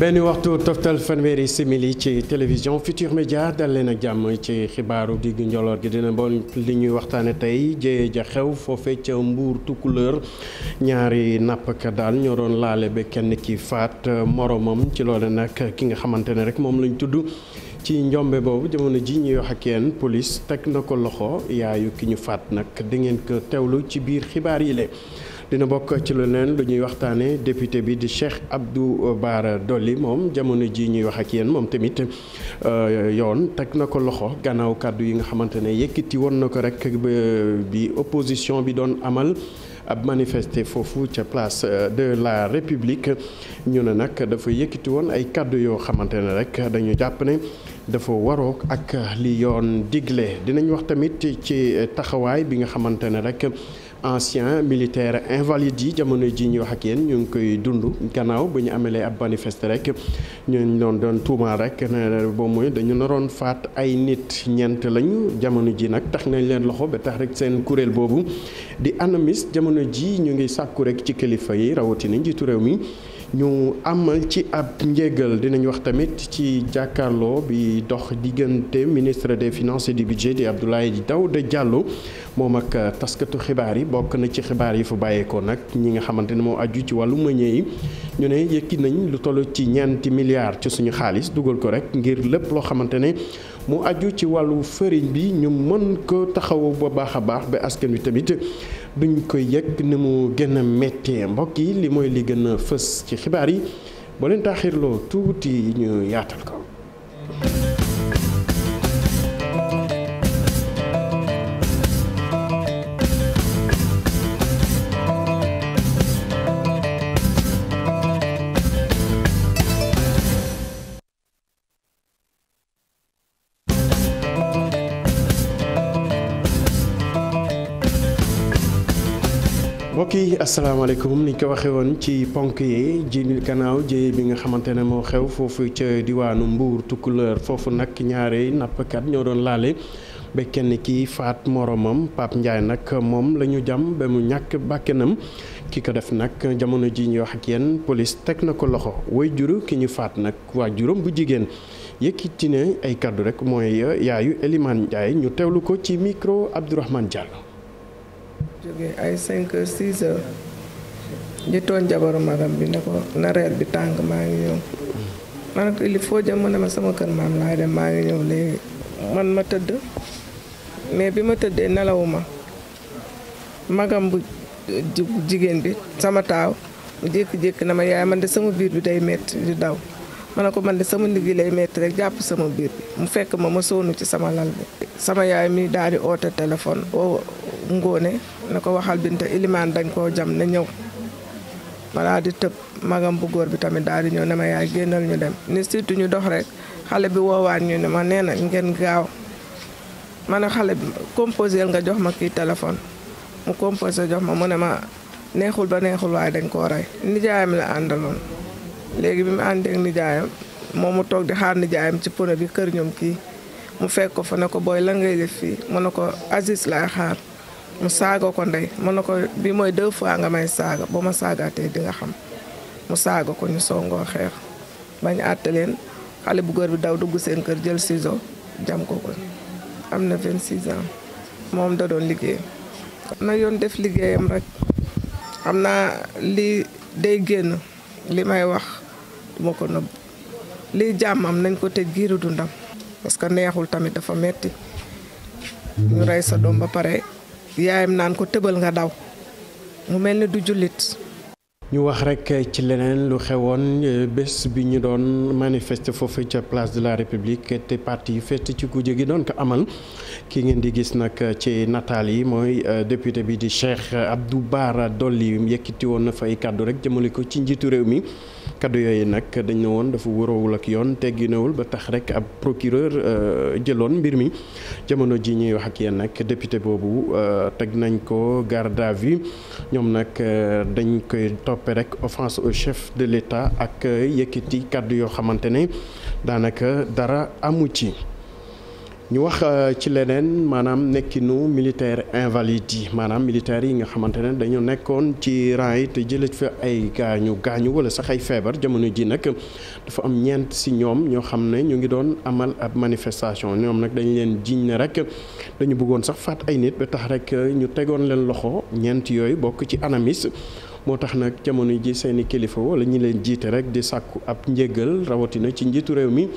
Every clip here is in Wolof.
benn waxtu toftal fanweeri simili ci télévision Futur Média dal leen ak jàmm ci xibaaru diggu njoloor gi dina bon li ñuy waxtaane tey jéye ja xew foofe ca mbuur tukkuleur ñaari nappkat daal ñoo doon laale ba kenn ki faat moromam ci loole nag ki nga xamante ne rek moom lañ tudd ci njombe boobu jamono ji ñuy wax ak kenn police teg na ko loxo yaayu ki ñu faat nag di ngeen ko teewlu ci biir xibaar yi le dina bokk ci lu leen lu ñuy waxtaanee député bi di Cheikh Abdou Bara Dolly moom jamono ji ñuy wax ak yéen moom tamit euh, yoon teg na ko loxo gannaaw kàddu yi nga xamante ne yëkkati woon na ko rek bi opposition bi doon amal. ab manifester foofu ca place euh, de la république ñu ne nag dafa yëkkati woon ay kàddu yoo xamante ne rek dañu jàpp ne dafa waroo ak li yoon digle dinañu wax tamit ci taxawaay bi nga xamante ne rek. ancien militaire invalide yi jamono ji ñu wax ak yéen ñu ngi koy dund gannaaw bu ñu amelee ab manifeste rek ñu doon doon tuumaal rek ne boo mooy dañu naroon faat ay nit ñeent lañu jamono ji nag tax nañ leen loxo ba tax rek seen kuréel boobu di anamis jamono ji ñu ngi sàkku rek ci kilifa yi rawatina njiitu réew mi. ñu amal ci ab njégal dinañ wax tamit ci jàkkaarloo bi dox diggante ministre des de et du budget di Abdoulaye Daouda Diallo moom ak taskatu xibaar yi bokk na ci xibaar yi fa bàyyeekoo nag ñi nga xamante ne moo aju ci wàllu meññee yi ñu ne yëkki nañ lu toll ci ñeenti milliards ci suñu xaalis dugal ko rek ngir lépp loo xamante ne mu aju ci wàllu fëriñ bi ñu mën ko taxawu ba baax a baax bi askan wi tamit. duñ koy yëg ni mu gën a méttee mbokk yi lii mooy li gën a fës ci xibaar yi boo leen taaxirloo tuuti ñu yaatal ko. mbokk yi asalaamaaleykum ni ñu ko waxee woon ci ponk yi jiinil kanaaw jéye bi nga xamante ne moo xew foofu ca diwaanu Mbuur Tukulóor foofu nag ñaare nappkat ñoo doon laale ba kenn ki faat moromam Pape Ndiaye nag moom la ñu jam ba mu ñàkk bàkkenam ki ko def nag jamono ji ñu wax kenn yéen teg na ko loxo way juru ki ñu faat nag waa juróom bu jigéen yëkkati ne ay kàddu rek mooy yaayu Elimane Ndiaye ñu teewlu ko ci micro Abdourahmane Diallo jógee ay 5 heures 6 heures ñu toon jabaru magam bi ne ko na reer bi tàng maa ngi ñëw ma ne ko il faut jëm mu ne ma sama kër maam laay dem maa ngi ñëw léegi man ma tëdd mais bi ma tëddee nelawuma magam bu jigéen bi sama taaw mu jékki-jékki na ma yaay man de sama biir bi day metti di daw ma ne ko man de sama ndiggi lay metti rek jàpp sama biir bi mu fekk ma ma soonu ci sama lal bi sama yaay mi daal di oote téléphone oo ngóone ne ko waxal binte ilimaan dañ koo jam ne ñëw ma di tëb magam bu góor bi tamit daal di ñëw ne ma yaay génnal ñu dem ni surtout ñu dox rek xale bi woowaan ñu ne ma nee na ngeen gaaw ma ne xale bi composé nga jox ma kii téléphone mu composé jox ma mu ne ma neexul ba neexul waaye dañ koo rey nijaayam la àndaloon léegi bi mu àndeek nijaayam moom mu toog di xaar nijaayam ci pono bi kër ñoom kii mu fekk ko fa ne ko booy la ngay def fii mu ne ko Aziz laay xaar mu saaga ko ndey mën na ko bi mooy deux fois nga may saaga boo ma saagaatee dinga xam mu saaga ko ñu songoo xeex bañ àtte leen xale bu góor bi daw dugg seen kër jël sison jam ko ko am na 26 ans moom da doon liggéey na yoon def liggéeyam rek xam naa li day génn li may wax duma ko nëbb lii jàmmam nañ ko tëj giiru dundam parce que neexul tamit dafa metti ñu rey sa doom ba pare yaayam naan ko tëbal nga daw mu mel ni du jullit. ñu wax rek ci leneen lu xewoon bés bi ñu doon manifester foofu ca place de la république te parti yi fest ci kuje gi doon ko amal ki ngeen di gis nag ci nataal yi mooy euh, député bi di Cheikh Abdou Bara Dolly yëkkati woon na fay kàddu rek jëmale ko ci njiitu réew mi. kaddu yooyu nag dañ ne woon dafa wóoroowul ak yoon tegginewul ba tax rek ab procureur euh, jëloon mbir mi jamono ji ñuy wax ak yéen nag député boobu euh, teg nañ ko garde à vue ñoom nag euh, dañ koy toppe rek offense au chef de l'État ak yëkkati kàddu yoo xamante ne daanaka dara amu ci. ñu wax euh, ci leneen maanaam nekkinu militaire invalide yi maanaam militaire yi nga xamante ne dañu nekkoon ci rang yi te jëlee fa ay gaañu gaañu wala sax ay feebar jamono ji nag dafa am ñeent si ñoom ñoo xam ne ñu ngi doon amal ab manifestation ñoom nag dañu leen jiñ ne rek dañu bëggoon sax faat ay nit ba tax rek ñu tegoon leen loxo ñeent yooyu bokk ci anamis moo tax nag jamono ji seeni i kilifa wala ñu leen jiite rek di sàkku ab njéggal rawatina ci njiitu réew mi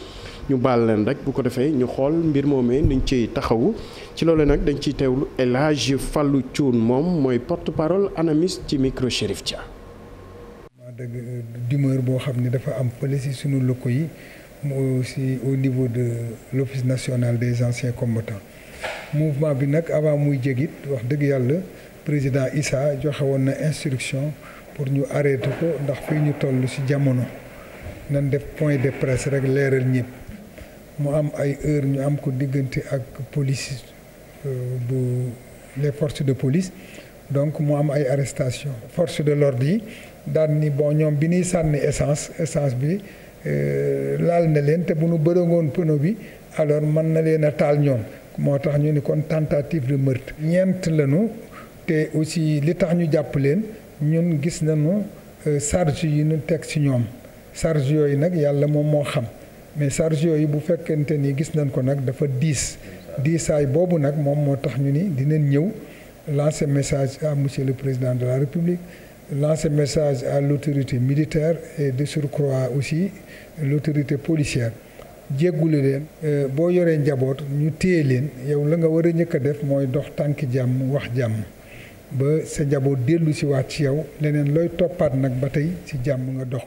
ñu baal leen rek bu ko defee ñu xool mbir moomee nuñ ci taxawu ci loolu nag dañ ciy teewlu El Hadj fallu Thioune moom mooy porte parole anamis ci micro Chérif Dia. dëgg d'humeur boo xam ni dafa am fële si sunu locaux yi mu aussi au niveau de l'office national des anciens combattants mouvement bi nag avant muy jégit wax dëgg yàlla président Issa joxe woon na instruction pour ñu arrêté ko ndax fii ñu toll ci jamono nañ def point de presse rek leeral ñëpp mu am ay heure ñu am ko diggante ak police euh, bu les forces de police donc mu am ay arrestation force de l'ordre yi daan ni bon ñoom bi ñuy sànni essence essence bi euh, laal na leen te bu nu bërëngoon pneu bi alors mën na leen a taal ñoom moo tax ñu ni kon tentative de meurtre ñeent lanu te aussi li tax ñu jàpp leen ñun gis nañu euh, charge yi ñu teg ci ñoom sarge yooyu nag yàlla moom moo xam mais charge yooyu bu fekkente ni gis nañ ko nag dafa diis diisaay boobu nag moom moo tax ñu ni dinañ ñëw lancer message à monsieur le président de la république lancer message à l'autorité militaire et de surcroît aussi l'autorité policière jéggulu leen euh, boo yoree njaboot ñu téye leen yow la nga war a njëkk a def mooy dox tànk jàmm wax jàmm ba sa njaboot dellu si waat ci yow leneen looy toppaat nag ba tey ci jàmm nga dox.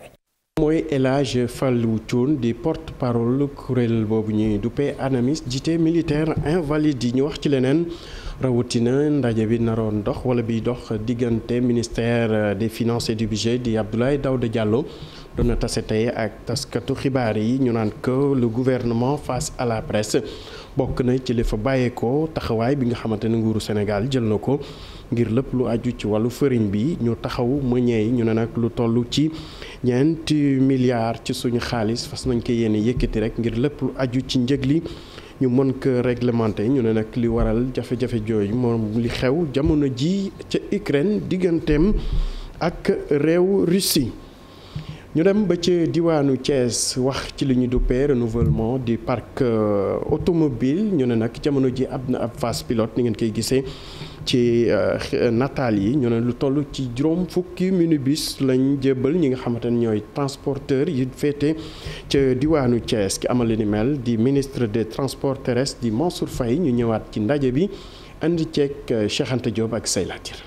mooy El Hadj Fallou di porte parole kuréel boobu ñuy duppee ANAMIS jiite militaire invalide yi ñu wax ci leneen. rawatina ndaje bi naroon dox wala biy dox diggante ministère des finances et du budget di Abdoulaye Daouda Diallo doon na tase tey ak taskatu xibaar yi ñu naan ko le gouvernement face à la presse bokk na ci li fa bàyyeekoo taxawaay bi nga xamante ne nguuru Sénégal jël na ko ngir lépp lu aju ci wàllu farine bi ñu taxaw meññee ñu ne nag lu toll ci ñeenti milliards ci suñu xaalis fas nañ ko yéene yëkkati rek ngir lépp lu aju ci njëg li ñu mën ko réglementé ñu ne nag li waral jafe-jafe jooyu moom li xew jamono ji ca Ukraine digganteem ak réew Russie. ñu dem ba ci diwaanu Thiès wax ci li ñu duppee renouvellement du parc euh, automobile ñu ne nag jamono ji ab na ab phase pilote ni ngeen koy gisee ci euh, nataal yi ñu ne lu toll ci juróom fukki minibus lañ jébbal ñi nga xamante ne ñooy transporteur yi féete ca diwaanu Thiès ki amal ni mel di ministre des transports terrestres di Mansour Faye ñu ñëwaat ci ndaje bi andi ceeg euh, Cheikh Anta Diop ak Seylatir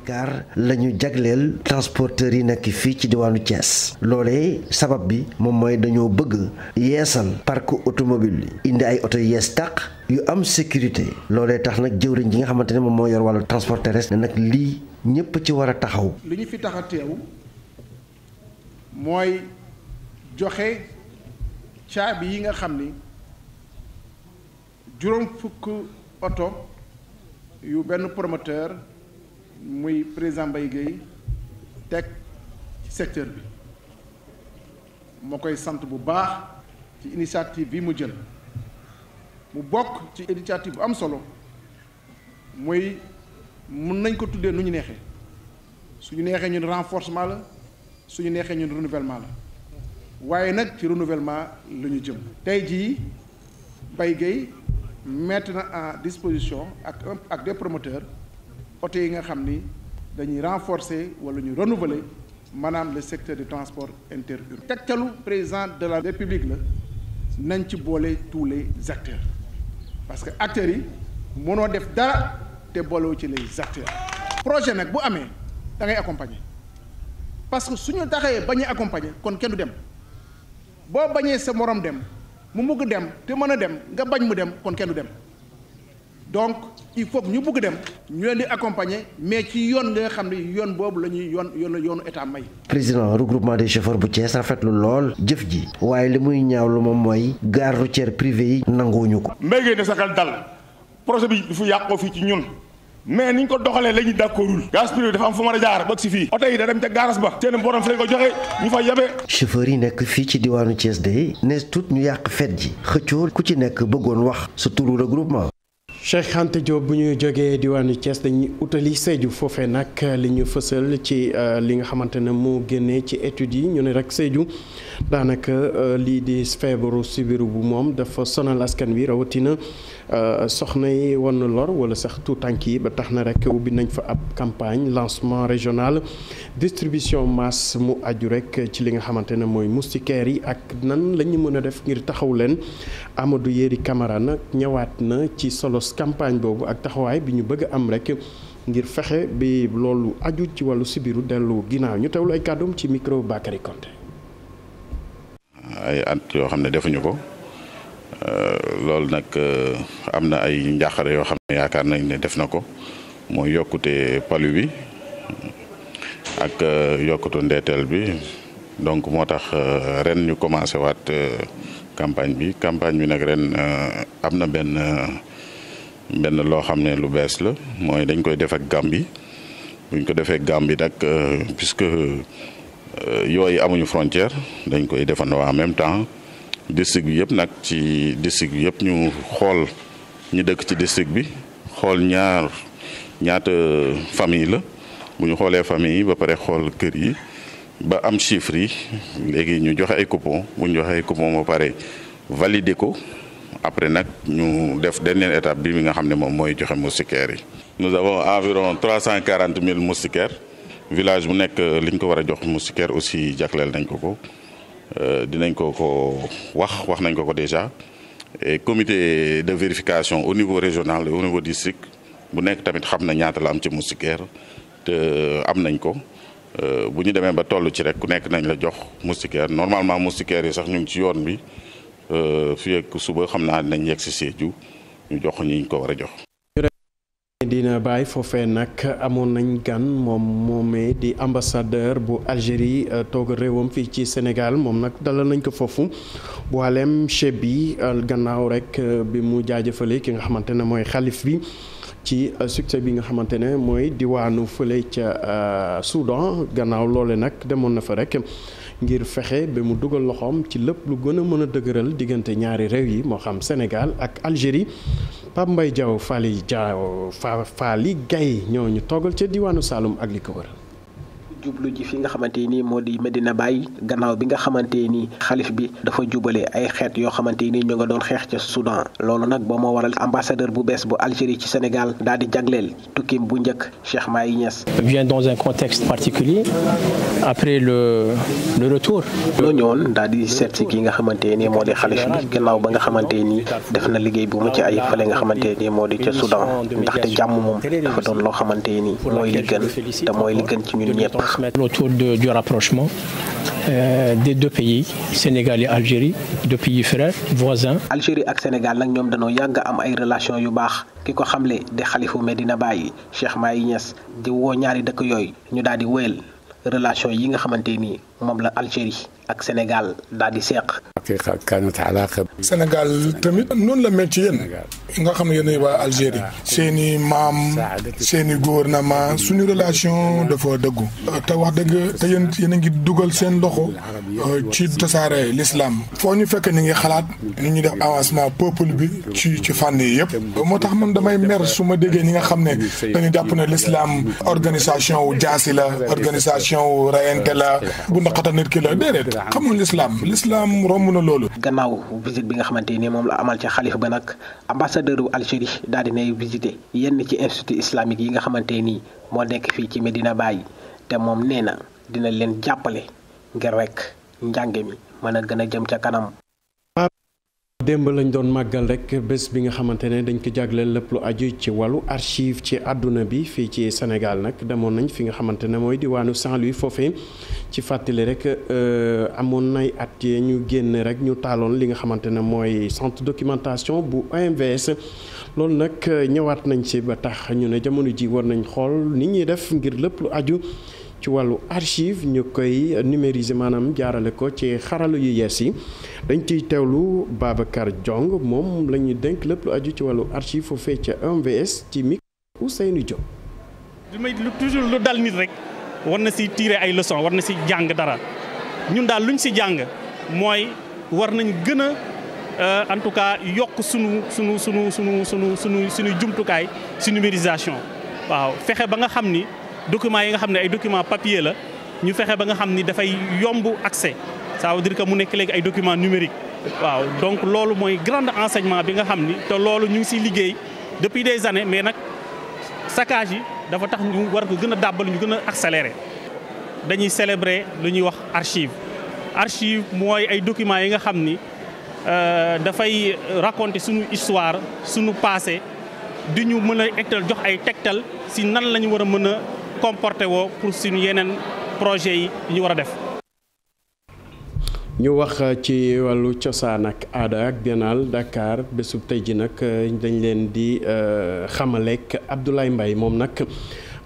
car la ñu jagleel transporteurs yi nekk fii ci diwaanu cees loolee sabab bi moom mooy dañoo bëgg yeesal parc automobile bi indi ay oto yees tàq yu am sécurité loolee tax nag jëwriñ ji nga xamante ne moom moo yor wàllu transport terrestre nag lii ñépp ci war a taxaw li ñu fi tax teew mooy joxe caabi yi nga xam ni juróom fukk oto muy président Mbaye Guèye teg ci secteur bi moo koy sant bu baax ci initiative bi mu jël mu bokk ci initiative bu am solo muy mun nañ ko tuddee nu ñu neexee suñu neexee ñun renforcement la suñu neexee ñun renouvellement la waaye nag ci renouvellement la ñu jëm tey jii Mbaye Guèye mettre na en disposition ak ak des promoteurs oto yi nga xam ni dañuy renforcer wala ñu renouveler maanaam le secteur du transport inter interurbain tegtalu président de la république la nañ ci boole tous les acteurs parce que acteurs yi mënoo def dara te boolewu ci les acteurs projet nag bu amee da ngay accompagner parce que suñu taxawee bañ a accompagner kon kenn du dem boo bañee sa morom dem mu mugg dem te mën a dem nga bañ mu dem kon kenn du dem donc il faut ñu bëgg dem ñu leen di accompagner mais ci yoon nga xam ne yoon boobu la ñuy yoon yoon yoonu état may. président regroupement de chauffeurs bu Thiès rafetlu lool jëf ji waaye li muy ñaaw lu moom mooy gare routière privée yi nanguwuñu ko. mbéy mi sa xel dal projet bi fu yàqoo fii ci ñun. mais niñ ko doxalee la ñu d'accordul gaz privé dafa am fu mën a jaar ba si fii oto yi da dem ca garas ba seen borom fi lañ ko joxe ñu fa yabe fii ci diwaanu Thiès de ne tut ñu yàq fet ji xëccoo ku ci nekk bëggoon wax sa turu regroupement Cheikh Anta Diop bu ñu jógee diwaanu Thiès dañuy utali Sédhiou foofee nag li ñu fësal ci euh, li nga xamante ne moo génnee ci études yi ñu ne rek Sédhiou daanaka euh, lii di feebaru sibiru bu moom dafa sonal askan wi rawatina euh, soxna yi wan lor wala sax tànk yi ba tax na rek ubbi nañ fa ab campagne lancement régional distribution masse mu aju rek ci li nga xamante ne mooy moustiquaire yi ak nan la ñu mën a def ngir taxaw leen Amadou Yéri Camara nag ñëwaat na ci solos campagne boobu ak taxawaay bi ñu bëgg am rek ngir fexe bi loolu aju ci wàllu sibiru dellu ginnaaw ñu teewlu ay kàddoom ci micro Bakary ay at yoo xam ne defuñu ko euh, loolu nag euh, am na ay njàqare yoo xam ne yaakaar nañ ne def na ko mooy yokkute palu bi ak euh, yokkute ndeeteel bi donc moo tax ren ñu commencé waat campagne bi campagne bi nag ren am na benn benn loo xam ne lu bees la mooy dañ koy def ak Gambie buñ ko defee Gambie nag euh, puisque euh, yooyu amuñu frontière dañ koy defandoo en même temps district yëpp nag ci district yëpp ñu xool ñu dëkk ci district bi xool ñaar ñaata famille la bu ñu xoolee famille yi ba pare xool kër yi ba am chiffres yi léegi ñu joxe ay coupon bu ñu joxe ay coupon ba pare valider ko. après nag ñu def dernière état bi mi nga xam ne moom mooy joxe moustiquaires yi. nous avons environ trois cent quarante mille moustiquaires village bu nekk liñ ko war a jox moustiquaire aussi jagleel nañ ko ko euh, dinañ ko ko wax wax nañ ko ko déjà et comité de vérification au niveau régional et au niveau district bu nekk tamit xam na ñaata la am ci moustiquaire te euh, am nañ ko. Euh, bu ñu demee ba toll ci rek ku nekk nañ la jox moustiquaire normalement moustiquaire yi sax ñu ngi ci yoon bi. Euh, fii ak suba xam naa nañ yegg si Sédhiou ñu jox ñi ñu ko war a jox. dina bàyyi foofee nag amoon nañ gan moom moomee di ambassadeur bu Algérie euh, toog réewam fii ci Sénégal moom nag dalal nañ ko foofu waaleem cheb bi euh, gannaaw rek bi mu jaajëfalee ki nga xamante ne mooy xalif bi ci succès bi nga xamante ne mooy diwaanu fële ca Soudan gannaaw loole nag demoon na fa rek. ngir fexe ba mu dugal loxoom ci lépp lu gën a mën a dëgëral diggante ñaari réew yi moo xam Sénégal ak Algérie Pape Mbaye Diaw Faly Diaw Faly Gaye ñoo ñu toggal ca diwaanu Saloum ak li ko jublu ji fi nga xamante nii moo di Medina bàyyi gannaaw bi nga xamante ni xalif bi dafa jubale ay xeet yoo xamante ni ñu nga doon xeex ca Soudan loolu nag ba moo waral ambassadeur bu bees bu Algérie ci Sénégal daal di jagleel tukkim bu njëkk Cheikh Mahi Niass. vient dans un contexte particulier après le le retour. ñoo ñëwoon daal di seet si ki nga xamante nii moo di xalif bi gannaaw ba nga xamante nii def na liggéey bu ci ay fële nga xamante ni moo di ca Soudan jàmm moom dafa loo xamante ni mooy li mooy li gën ci ñun ñëpp. mettre autour de, du rapprochement euh, des deux pays Sénégal et Algérie deux pays frères voisins. Algérie ak Sénégal nag ñoom dañoo yàgg am ay relation yu baax ki ko xamle di xalifu Medina Baye Cheikh Mahi Niass di woo ñaari dëkk yooyu ñu daal di wéyal relation yi nga xamante ni moom la Algérie ak Sénégal daal di seq. xaqiqa kaanat alaaqa Sénégal tamit noonu la mel ci yéen nga xam ne yéenay waa Algérie ah, ah. seen i maam seen i gouvernement suñu relation dafa dëggu te wax dëgg te yéen yéen ngi dugal seen loxo euh, ci tasaare l'islam foo ñu fekk ñu ngi xalaat ñu ñu def avancement peuple bi ci ci fànn yi yëpp moo tax man damay mer su ma déggee ñi nga xam ne dañu jàpp ne l'islam organisation wu jaasi la organisation wu rayante la bu naqata nit ki la déedéet xamul l'islam nangu loolu. gannaaw visite bi nga xamante ni moom la amal ci xalifa ba nag ambassadeur bu Algérie daal di nay visité yenn ci institut islamique yi nga xamante ni moo nekk fii ci dina bàyyi te moom nee na dina leen jàppale ngir rek njàng mi mën a gën a jëm ca kanam. démb lañ doon màggal rek bés bi nga xamante ne dañ ko jagleel lépp lu aju ci wàllu archive ci àdduna bi fii ci Sénégal nag demoon nañ fi nga xamante ne mooy diwaanu Saint-Louis foofee ci fàttali rek euh, amoon nay at yee ñu génn rek ñu taaloon li nga xamante ne mooy centre documentation bu OMVS loolu nag ñëwaat nañ si ba tax ñu ne jamono ji war nañ xool ni ñuy def ngir lépp lu aju. ci wàllu archive ñu koy numériser maanaam jaarale ko ci xarala yu yees yi dañ ciy teewlu Babacar Diong moom la ñuy dénk lépp lu aju ci wàllu archive foofee ca MVS ci micro Ousseynou Diop. li may lu toujours lu dal nit rek war na si tirer ay leçons war na si jàng dara ñun daal luñ si jàng mooy war nañ gën a euh, en tout cas yokk sunu sunu sunu sunu sunu sunu suñuy jumtukaay si numérisation waaw fexe ba nga xam ni. documents yi nga xam ne ay document papier la ñu fexe ba nga xam ni dafay yomb accès ça veut que mu nekk léegi ay document numérique waaw donc loolu mooy grande enseignement bi nga xam ni te loolu ñu ngi siy liggéey depuis des années mais nag saccage yi dafa tax ñu war ko gën a dàbbal ñu gën a accéléré dañuy célébrer lu ñuy wax archive archive mooy ay documents yi nga xam ni euh, dafay raconter suñu histoire suñu passé di ñu mën a egtal jox ay tegtal si nan la ñu war a mën a comporté woo pour suñu yeneen projet yi ñu war a def. ñu wax euh, ci wàllu cosaan ak aada ak biennale dakaar bésub tey ji nag euh, dañ leen di euh, xamaleek Abdoulaye mbay moom nag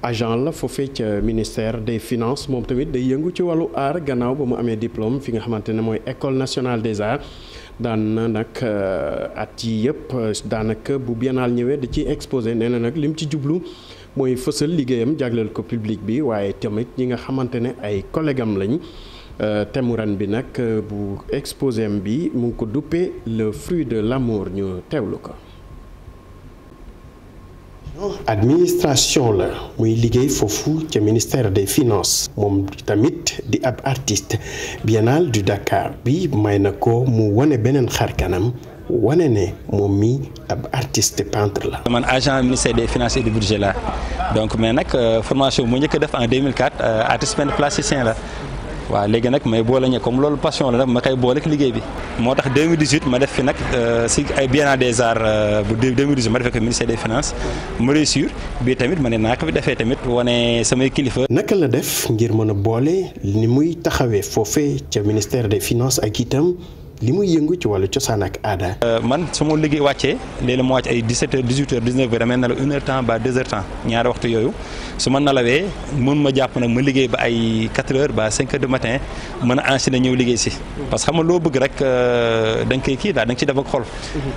agent la foofee ca ministère des finance moom tamit day yëngu ci wàllu aar gannaaw ba mu amee diplôme fi nga xamante ne mooy école nationale des arts daan na nag at yi yëpp daanaka bu biennale ñëwee da ciy exposé nee na nag lim ci jublu. mooy fësal liggéeyam jagleel ko public bi waaye tamit ñi nga xamante ne ay collègue am lañ euh, thème ren bi nag euh, bu exposé bi mu ngi ko duppee le fruit de l'amour ñu teewlu ko. administration la muy liggéey foofu ca ministère des finances moom tamit di ab artiste biennale du Dakar bi may na ko mu wane beneen xar kanam wane ne moom mii ab artiste peintre la. man agent ministère des finances et du budget la donc mais nag euh, formation bu njëkk a def en 2004 euh, artiste peintre plasticien la waaw léegi nag may boole ñu comme loolu passion la nag ma koy boole ak liggéey bi. moo tax ma def fi nag euh, si ay biennale des arts bu 2018 ma defee ko ministère des finances ma réussir bii tamit ma ne naa ko fi defee tamit wane samay kilifa. naka la def ngir mën a boole ni muy taxawee foofee ca ministère des finances ak itam. li muy yëngu ci wàllu cosaan ak aada. Euh, man su ma liggéey wàccee léeg-léeg mu wàcc ay 17 heures 18 heures 19 heures damay nelaw une heure temps ba deux heures temps ñaari waxtu yooyu su ma nalawee mën ma jàpp nag ma liggéey ba ay 4 heures ba 5 heures matin mën a enchaîner ñëw liggéey si. parce que xam nga loo bëgg rek euh, da nga kii daal da nga ci def ak xol.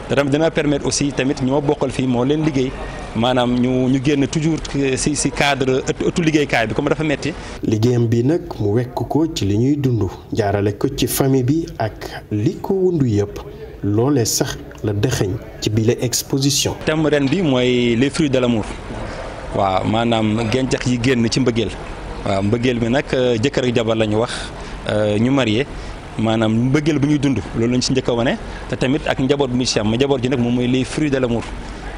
te tamit dina permettre aussi tamit ñoo bokkal fii moo leen liggéey maanaam ñu génn toujours bi ko ci li ñuy dund jaarale ci famille bi ak li ko wundu yëpp loolee sax la dëxëñ ci bile exposition. thème ren bi mooy les fruits de l'amour waaw maanaam gàncax yi génn ci mbëggeel waaw bi nag euh, jëkkër ak jabar la ñu wax euh, ñu marié maanaam mbëggeel bu ñuy dund loolu lañ ci njëkk a wane te tamit ak njaboot bu ñu si am njaboot ji nag moom mooy les fruits de l'amour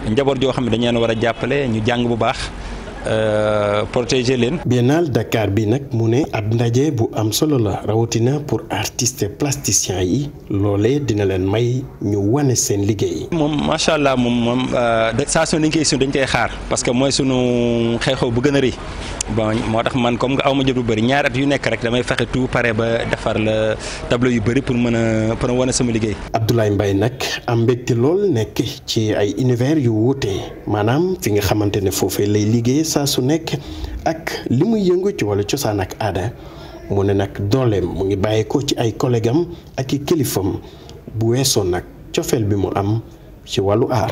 njaboot joo xam ne dañu war a jàppale ñu jàng bu baax. Euh, protéger leen. biennale Dakar bi nag mu ne ab ndaje bu am solo la rawatina pour artistes plasticiens yi loolee dina leen may ñu wane seen liggéey. moom macha allah moom moom euh, saa su dañ koy su dañ koy xaar parce que mooy sunu xeexoo bu gën a rëy bon moo tax man comme aw ma jot bu bëri ñaari yu nekk rek damay fexe tout pare ba defar la tableau yu bëri pour mën a pour wane sama liggéey. Abdoulaye Mbaye nag am mbégte lool nekk ci ay univers yu wuute maanaam fi nga xamante ne foofee lay liggéey. saa su nekk ak li muy yëngu ci wàllu cosaan ak aada mu ne nag dooleem mu ngi bàyyeekoo ci ay collègue ak i kilifam bu weesoo nag cofeel bi mu am ci wàllu aar.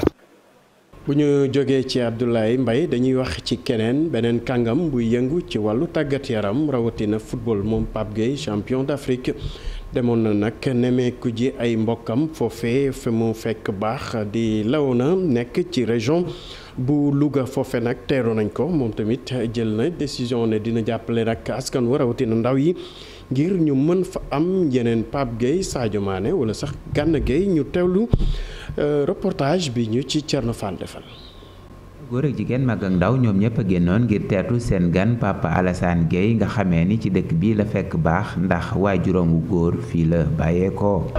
bu ñu jógee ci Abdoulaye mbay dañuy wax ci keneen beneen kàngam buy yëngu ci wàllu tàggat yaram rawatina football moom Pape Gueye champion d'Afrique demoon na nag nemeeku ji ay mbokkam foofee fi mu fekk baax di Léona nekk ci région. bu Louga foofe nag teeru nañ ko moom tamit jël na décision ne dina jàppale nag askan wa rawatina ndaw yi ngir ñu mën fa am yeneen pap Gueye Sadio Mané wala sax Gana Gueye ñu teewlu euh, reportage bi ñu ci Thierno Fall defal. góor ak jigéen mag ndaw ñoom ñëpp a génnoon ngir teertu seen gan Papa Alassane Gueye nga xamee ni ci dëkk bii la fekk baax ndax waa wu góor fii la bàyyee ko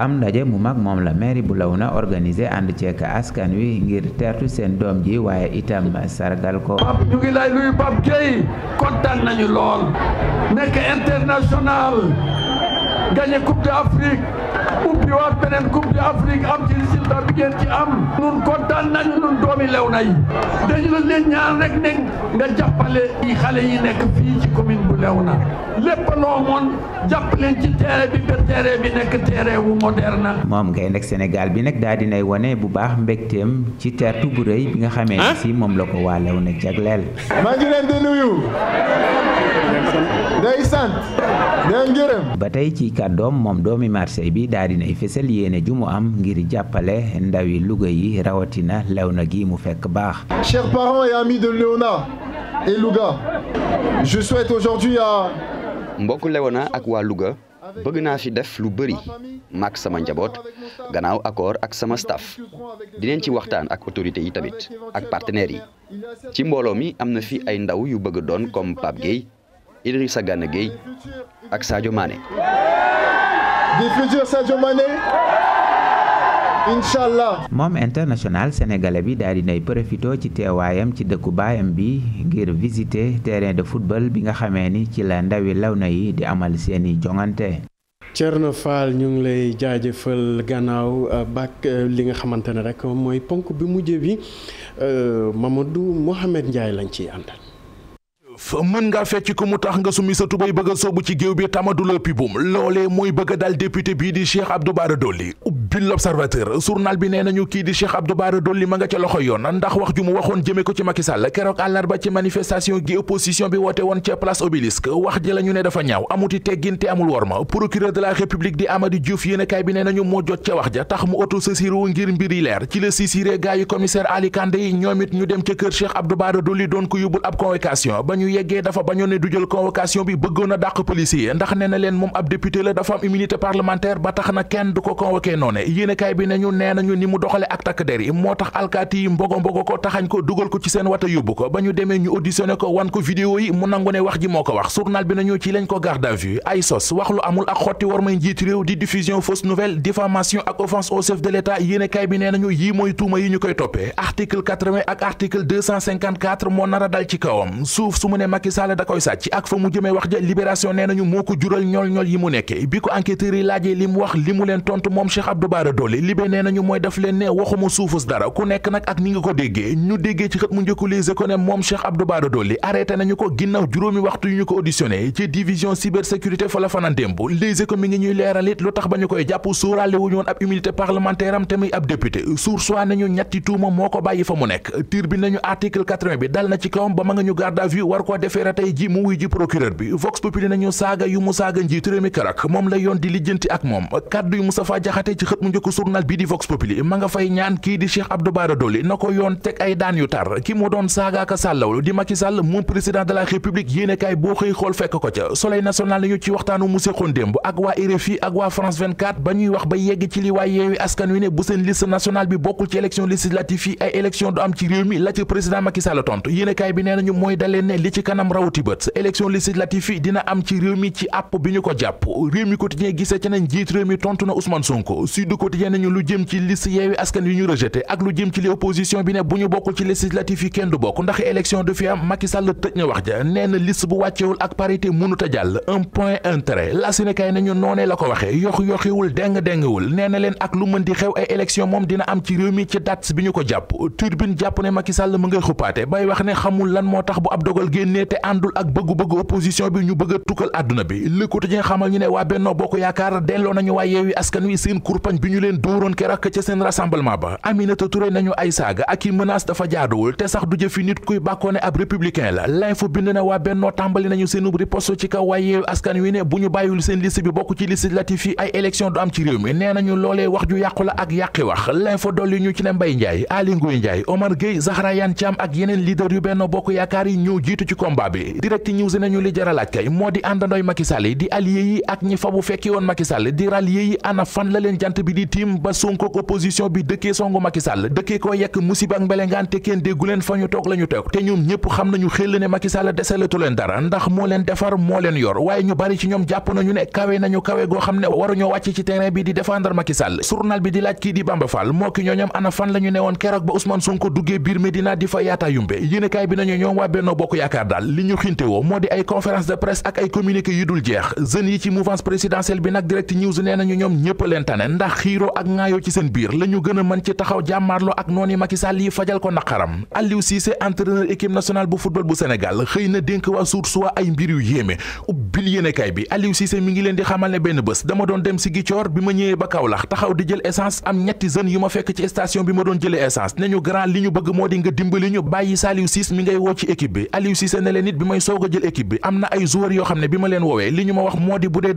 am ndaje mu mag moom la mairie bu na organisé ànd ceek askan wi ngir teertu seen doom ji waaye itam sargal ko. Pape ñu ngi lay nuyu Pape Gueye nañu lool nekk international gagné coupe d'Afrique. indiwaat beneen coupe leen nekk fii ci commune bi ba terrain bi nekk terrain bu moderne moom ngay nekk Sénégal bi nag daldi nay wone bu baax mbégteem ci tertu bu rëy bi nga xamee si moom la ko waa Léona jagleel maa ngi leen di nuyu ba tey ci kàddoom moom doomi marché bi daal dinay fësal yéene ju mu am ngir jàppale ndawi Louga yi rawatina na gi mu fekk baax chers parents et amis de Léona et Louga je souhaite aujourd'hui à mbokk ak waa Louga bëgg naa fi def lu bari maak sama njaboot gannaaw accord ak sama staf dinañ ci waxtaan ak autorités yi tamit ak partenaires yi ci mbooloo mi am na fi ay ndaw yu bëgg doon comme Pape Gueye Idrissa Gana Gueye ak Sadio Mané. moom international sénégalais bi daal di nay profito ci teewaayam ci dëkku baayam bi ngir visiter terrain de football bi nga xamee ni ci la ndawi law na yi di amal seeni jongante. Thierno Fall ñu ngi lay jaajëfal gannaaw euh, bak euh, li nga xamante ne rek mooy ponk bi mujj bi euh, Mamadou Mohamed Ndiaye lañ ciy ànd fa mën nga fecc ku mu tax nga sumi sa tubéy bëgg soobu ci géew bi tamadula pi bum loolee mooy bëgg a daal député bii di Cheikh Abdou Bara Dolly ubbil l'observateur journal bi nee nañu kii di Cheikh Abdou Bara ma nga ca loxo yoon ndax wax ju waxoon jëme ko ci Macky Sall keroog àllarba ci manifestation gi opposition bi woote woon ca place Obélisque wax ji la ñu ne dafa ñaaw i teggin te amul worma procureur de la république di Amady Diouf yéenekaay bi nee nañu moo ca wax ja tax mu autosaisir wu ngir mbir leer ci la sisiré gaa yu Ali Kandé yi ñoom ñu dem ca kër Cheikh Abdou ba ñu yeggee dafa bi bëggoon a dàq policier ndax nee na leen ba tax na kenn du ko convoqué noonu yéenekaay bi nañu nee nañu ni mu doxale ak takk der yi moo tax alkaati yi mbogo mbogo ko taxañ ko dugal ko ci seen wata yóbbu ko ba ñu demee ñu auditionné ko wan ko vidéo yi mu nangu ne wax ji moo ko wax journal bi nañu ci lañ ko garde à vue ay sos wax lu amul ak xotti war may njiit réew di diffusion fausse nouvelle diffamation ak offense au chef de l'État yéenekaay bi nee nañu yii mooy tuuma yi ñu koy toppee article ak article moo nar dal ci baara doole libe nee nañu mooy daf leen ne suufus dara ku nekk nag ak ni nga ko déggee ñu déggee ci xët mu njëkku Les Échos ne moom Cheikh Abdou Bara Dolly arrêté nañu ko ginnaaw juróomi waxtu yu ñu ko auditionné ci division cybersécurité fa la fanaan démb Les Échos mi ngi ñuy leeral lu tax ba ñu koy jàpp sóoraale wu ñu woon ab immunité parlementaire am te muy ab député source wa nañu ñetti tuuma moo ko bàyyi fa mu nekk tir bi nañu article bi dal na ci kawam di lijjanti ak moom xët mu njëkk journal bi di Vox Populi ma nga fay ñaan kii di Cheikh Abdou Bara Dolly na ko yoon teg ay daan yu tar ki mu doon saagaaka sàllawlu di Macky moom président de la République yéenekaay boo xëy xool fekk ko ca Soleil national ñu ci waxtaanu mu séqoon démb ak waa RFI ak waa France ba ñuy wax ba yegg ci li waa yeewi askan wi ne bu seen liste nationale bi bokkul ci élection législative yi ay élection du am ci réew mi la ci président Sud Quotidien lu jëm ci liste Yewwi Askan Wi ñu rejeté ak lu jëm ci li opposition bi ne bu ñu bokkul ci législatif yi kenn du bokk ndax élection du fi am Macky Sall tëj na wax ja a jàll un point un trait la si ne kay nañu noonee la ko waxee yox yoxiwul déng na leen ak lu mën di xew ay élection moom dina am ci réew mi ci date bi ñu ko jàpp turbine jàpp ne Macky Sall ngay xuppaate bay wax ne xamul lan moo tax bu ab dogal génnee te àndul ak bëggu-bëggu opposition bi ñu bëgg a tukkal àdduna bi Le Quotidien xamal ñu ne waa Benno Bokk Yaakaar delloo bi ñu leen dóoroon keroog ca seen rassemblement ba Aminata Touré nañu ay saaga ak i menace dafa jaaduwul te sax du jëfi nit kuy bàkkoone ab républicain la l'info bind na waa bennoo tàmbali nañu seenub riposte ci kaw askan wi ne bu ñu bàyyul seen liste bi bokk ci législatif yi ay élection du am ci réew mi nee nañu loolee wax ju yàqu ak yàqi wax l'info dolli ñu ci ne Mbaye Ndiaye Aly Ngouille Ndiaye Omar Gueye Zahra Iyane ak yeneen leader yu bi di tiim ba Sonko opposition bi dëkkee songu Macky dëkkee ko yekk musiba ak mbelengaan te kenn dégguleen fa ñu toog la toog te ñoom ñëpp xam nañu xel ne Macky Sall leen dara ndax moo leen defar moo leen yor waaye ñu bari ci ñoom jàpp nañu ne kawe nañu kawe goo xam ne waruñoo wàcc ci terrain bi di défendre Macky Sall journal bi di laaj kii di Bamba Fall moo ki ñooñam ana fan la ñu newoon keroog ba Ousmane Sonko duggee biir Medina xiiroo ak ŋaayoo ci seen biir la ñu gën a mën ci taxaw jàmmaarloo ak nooni Macky Sall yi fajal ko naqaram Aliou Cissé entraîneur équipe nationale bu football bu Sénégal xëy na dénk waa Source A ay mbir yu yéeme ubbil yéenekaay bi Aliou Cissé mi ngi leen di xamal ne benn bés dama doon dem Ziguinchor bi ma ñëwee ba Kaolack taxaw di jël essence am ñetti jeunes yu ma fekk ci station bi ma doon jëlee essence ne ñu grand li ñu bëgg moo di nga dimbali ñu bàyyi a jël équipe xam ne bi ma leen woowee li ñu ma wax moo di bu dee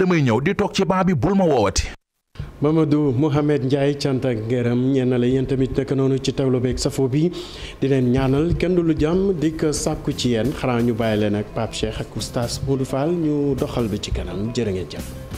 Mamadou Mouhamed Ndiaye cant ak ngërëm ñeena la yéen tamit nekk noonu ci tawlo beeg safo bi di leen ñaanal kenn du lu jàmm di ko sàkku ci yéen xanaa ñu bàyyi leen ak Pape Cheikh ak oustaz Modou faal ñu doxal bi ci kanam jërë ngeen jëf.